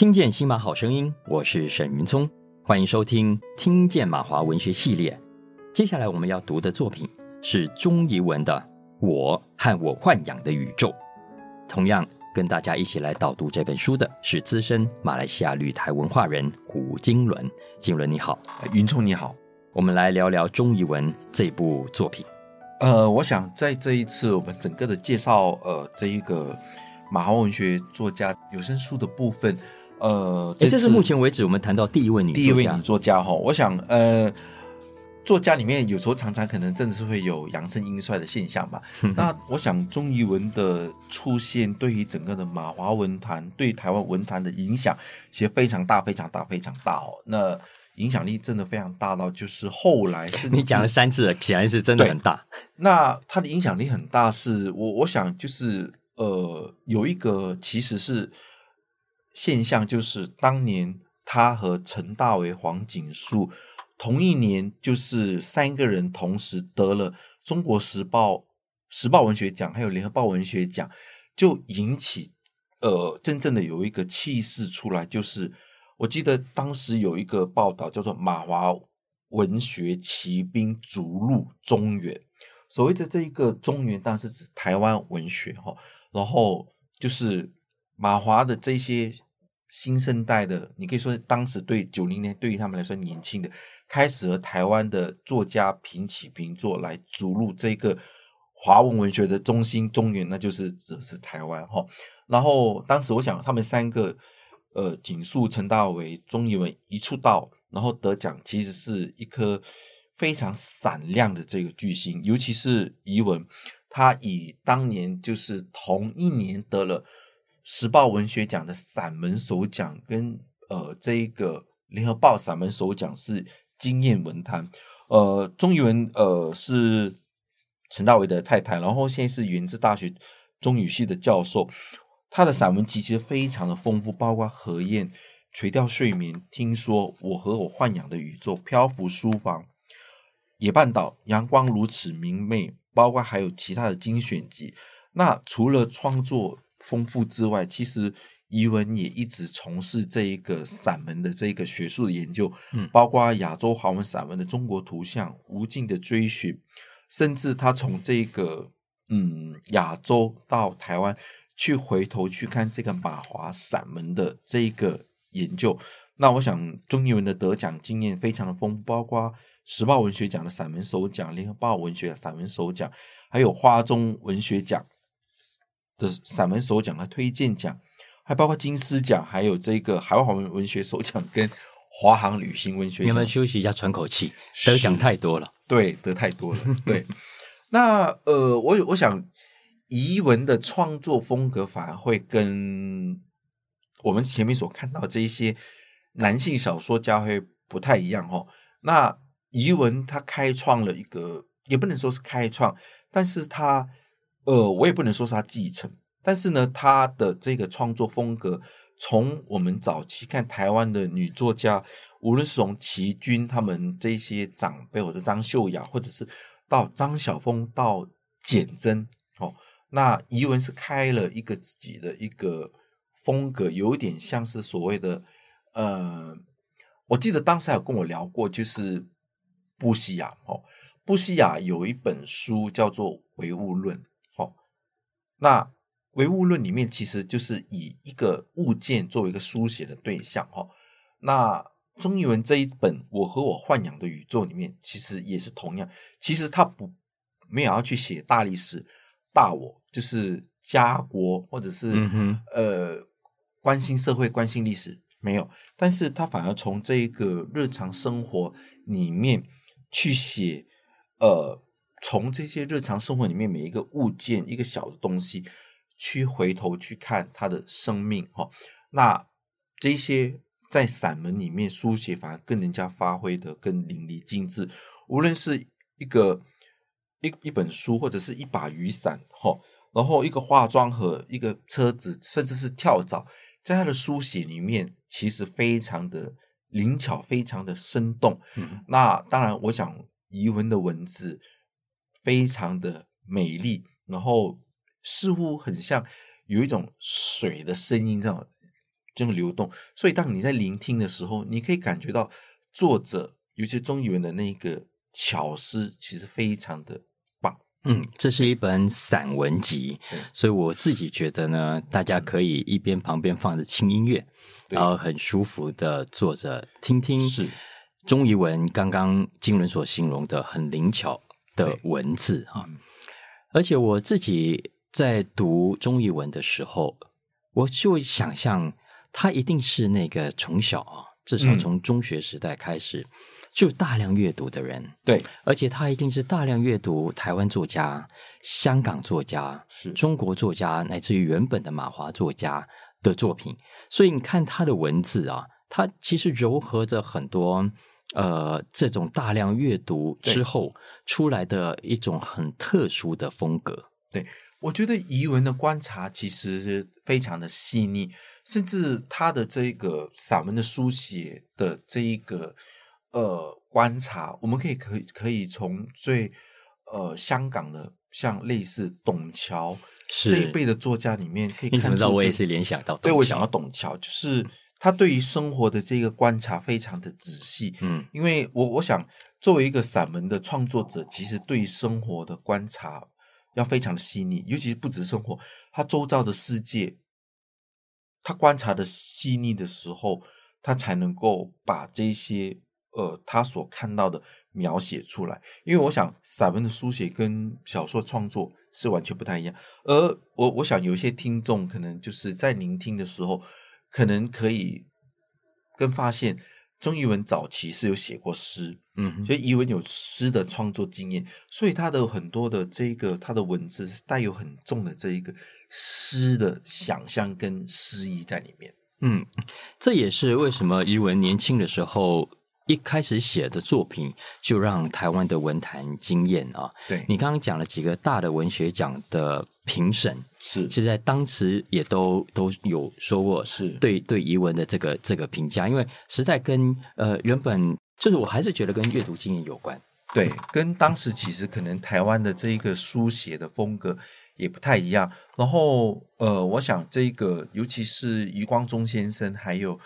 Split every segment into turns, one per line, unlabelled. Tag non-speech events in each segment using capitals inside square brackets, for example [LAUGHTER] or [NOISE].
聽見新馬好聲音，我是沈雲聰，歡迎收聽《聽見馬華文學系列》。接下來我們要讀的作品是鍾怡雯的《我和我豢養的宇宙》，同樣跟大家一起來導讀這本書的是資深馬來西亞旅台文化人胡金倫。金倫你好，雲聰你好，我們來聊聊鍾怡雯這部作品。
呃，我想在這一次我們整個的介紹，呃，這一個馬華文學作家有聲書的部分。呃，這，這是目前為止我們談到第一位女作家哈。我想，呃，作家裡面有時候常常可能真的是會有陽盛陰衰的現象吧。 [LAUGHS] 那我想，鍾怡雯的出現對於整個的馬華文壇、對台灣文壇的影響，其實非常大、非常大、非常大哦。那影響力真的非常大到，就是後來是 [LAUGHS] 你講了三
次了，顯然是真的很大。
那他的影響力很大是，是我我想就是呃，有一個其實是。現象就是當年他和陳大為、黃錦樹同一年，就是三個人同時得了中國時報時報文學獎，還有聯合報文學獎，就引起呃真正的有一個氣勢出來。就是我記得當時有一個報道叫做“馬華文學奇兵逐鹿中原”，所謂的這一個中原當然是指台灣文學哈、哦，然後就是。馬華的這些新生代的，你可以說是當時對九零年對於他們來說年輕的，開始和台灣的作家平起平坐，來逐鹿這個華文文學的中心中原，那就是這是台灣哈。然後當時我想，他們三個，呃，錦樹、陳大為、鍾怡雯一出道，然後得獎，其實是一顆非常閃亮的這個巨星，尤其是怡雯，他以當年就是同一年得了。時報文學奬的散文首獎跟呃，這個聯合報散文首獎，是驚豔文壇。呃，鍾怡雯呃是陳大為的太太，然後現在是元智大學中語系的教授。他的散文集其實非常的豐富，包括《河宴》《垂釣》《睡眠》《聽說》《我和我豢養的宇宙》《漂浮書房》《野半島》《陽光如此明媚》，包括還有其他的精選集。那除了創作。豐富之外，其實怡雯也一直從事這一個散文的這個學術的研究，嗯，包括亞洲華文散文的中國圖像無盡的追尋，甚至他從這個嗯亞洲到台灣去回頭去看這個馬華散文的這一個研究。那我想，鍾怡雯的得獎經驗非常的豐富，包括時報文學獎的散文首獎、聯合報文學的散文首獎，還有花蹤文學獎。的散文首獎和推薦獎，還包括金獅獎，還有這個海外華文文學首獎跟華航旅行文學。你們休息一下，喘口氣，得獎太多了，對，得太多了， [LAUGHS] 對。那呃，我我想，怡雯的創作風格反而會跟我們前面所看到這一些男性小說家會不太一樣哈、哦。那怡雯他開創了一個，也不能說是開創，但是他。呃，我也不能說是他繼承，但是呢，他的這個創作風格，從我們早期看台灣的女作家，無論是從琦君他們這些長輩，或者張秀亞，或者是到張曉風到簡媜，哦，那怡雯是開了一個自己的一個風格，有一點像是所謂的，呃，我記得當時還有跟我聊過，就是布希亞哦，布希亞有一本書叫做《唯物論》。那唯物論裡面其實就是以一個物件作為一個書寫的對象哈、哦。那鍾怡雯這一本我和我豢養的宇宙裡面，其實也是同樣。其實他不沒有要去寫大歷史、大我，就是家國或者是、嗯、哼呃關心社會、關心歷史沒有。但是他反而從這個日常生活裡面去寫，呃。從這些日常生活裡面每一個物件，一個小的東西，去回頭去看它的生命哈、哦。那這些在散文裡面書寫，反而更人家發揮得更淋漓盡致。無論是一個一一本書，或者是一把雨傘哈、哦，然後一個化妝盒，一個車子，甚至是跳蚤，在他的書寫裡面，其實非常的靈巧，非常的生動。嗯、那當然，我想，怡雯的文字。非常的美麗，然後似乎很像有一種水的聲音這樣，這樣流動。所以當你在聆聽的時候，你可以感覺到作者，尤其鍾怡雯的那個巧思，其實非常的棒。嗯，這是一本散文
集，嗯、所以我自己覺得呢，大家可以一邊旁邊放着輕音樂、嗯，然後很舒服的坐着聽聽，聽。是鍾怡雯剛剛金倫所形容的，很靈巧的文字啊，而且我自己在讀鍾怡雯的時候，我就想象他一定是那個從小啊，至少從中學時代開始、嗯、就大量閱讀的人。對，而且他一定是大量閱讀台灣作家、香港作家、中國作家，乃至於原本的馬華作家的作品。所以你看他的文字啊，他其實糅合着很多。呃，這種大量閱讀之後出來的一種很特殊的風格。
對，我覺得怡雯的觀察其實是非常的細膩，甚至他的這個散文的書寫的這一個呃觀察，我們可以可以可以從最呃香港的像類似董橋這一輩的作家裡面可以看。看到。麼知我也是聯想到？對，我想到董橋就是。他對於生活的這個觀察非常的仔細，嗯，因為我我想作為一個散文的創作者，其實對於生活的觀察要非常的細膩，尤其是不止生活，他周遭的世界，他觀察的細膩的時候，他才能夠把這些呃他所看到的描寫出來。因為我想散文的書寫跟小說創作是完全不太一樣，而我我想有一些聽眾可能就是在聆聽的時候。可能可以跟發現，鍾怡雯早期是有寫過詩，嗯，所以怡雯有詩的創作經驗，所以他的很多的這個他的文字是帶有很重的這一個詩的想象跟詩意在裡面，嗯，
這也是為什麼怡雯年輕的時候。一開始寫的作品就讓台灣的文壇驚豔啊！對你剛剛講了幾個大的文學獎的評審是，其實在當時也都都有說過，是對對怡雯的這個這個評價，因為實在跟呃原本就是我還是覺得跟閱讀經驗有關，
對，跟當時其實可能台灣的這一個書寫的風格也不太一樣。然後呃，我想這個尤其是余光中先生還有。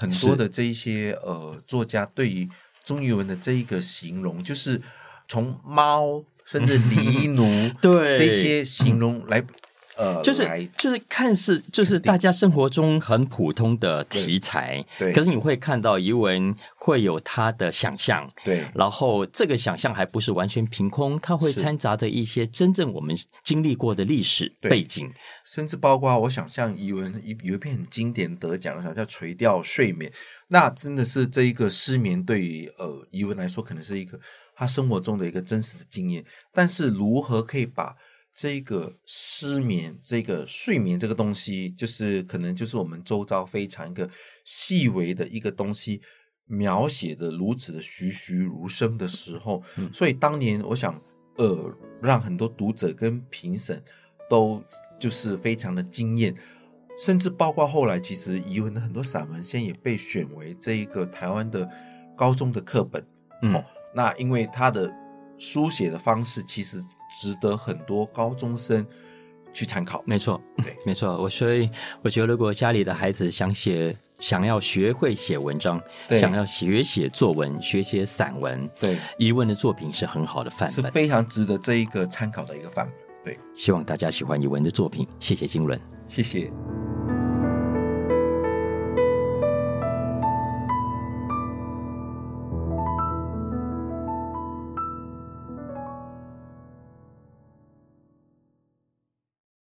很多的這一些呃作家對於鍾怡雯的這一個形容，就是從貓甚至狸奴 [LAUGHS] 對，這些形容來。呃、就是就
是看似就是大家生活中很普通的題材，可是你會看到怡雯會有他的想象，對。然後這個想象還不是完全憑空，他會摻雜着一些真正我們經歷過的歷史
背景，甚至包括我想象怡雯有一篇很經典得獎的，叫《垂釣睡眠》。那真的是這一個失眠對於呃怡雯來說，可能是一個他生活中的一個真實的經驗。但是如何可以把這個失眠，這個睡眠，這個東西，就是可能就是我們周遭非常一個細微的一個東西，描寫的如此的栩栩如生的時候，嗯，所以當年我想，呃，讓很多讀者跟評審都就是非常的驚艷，甚至包括後來其實怡雯的很多散文，現在也被選為這一個台灣的高中的課本，嗯，那因為他的。書寫的方式其實值得很多高中生去參考。沒錯，
沒錯。我所以我覺得，如果家裡的孩子想寫，想要學會寫文章，想要學寫，寫作文，學寫散文，對，怡雯的作品是很好的範本，是非
常值得這一個參考的一個範本。對，
希望大家喜歡怡雯的作品。謝謝金倫，謝謝。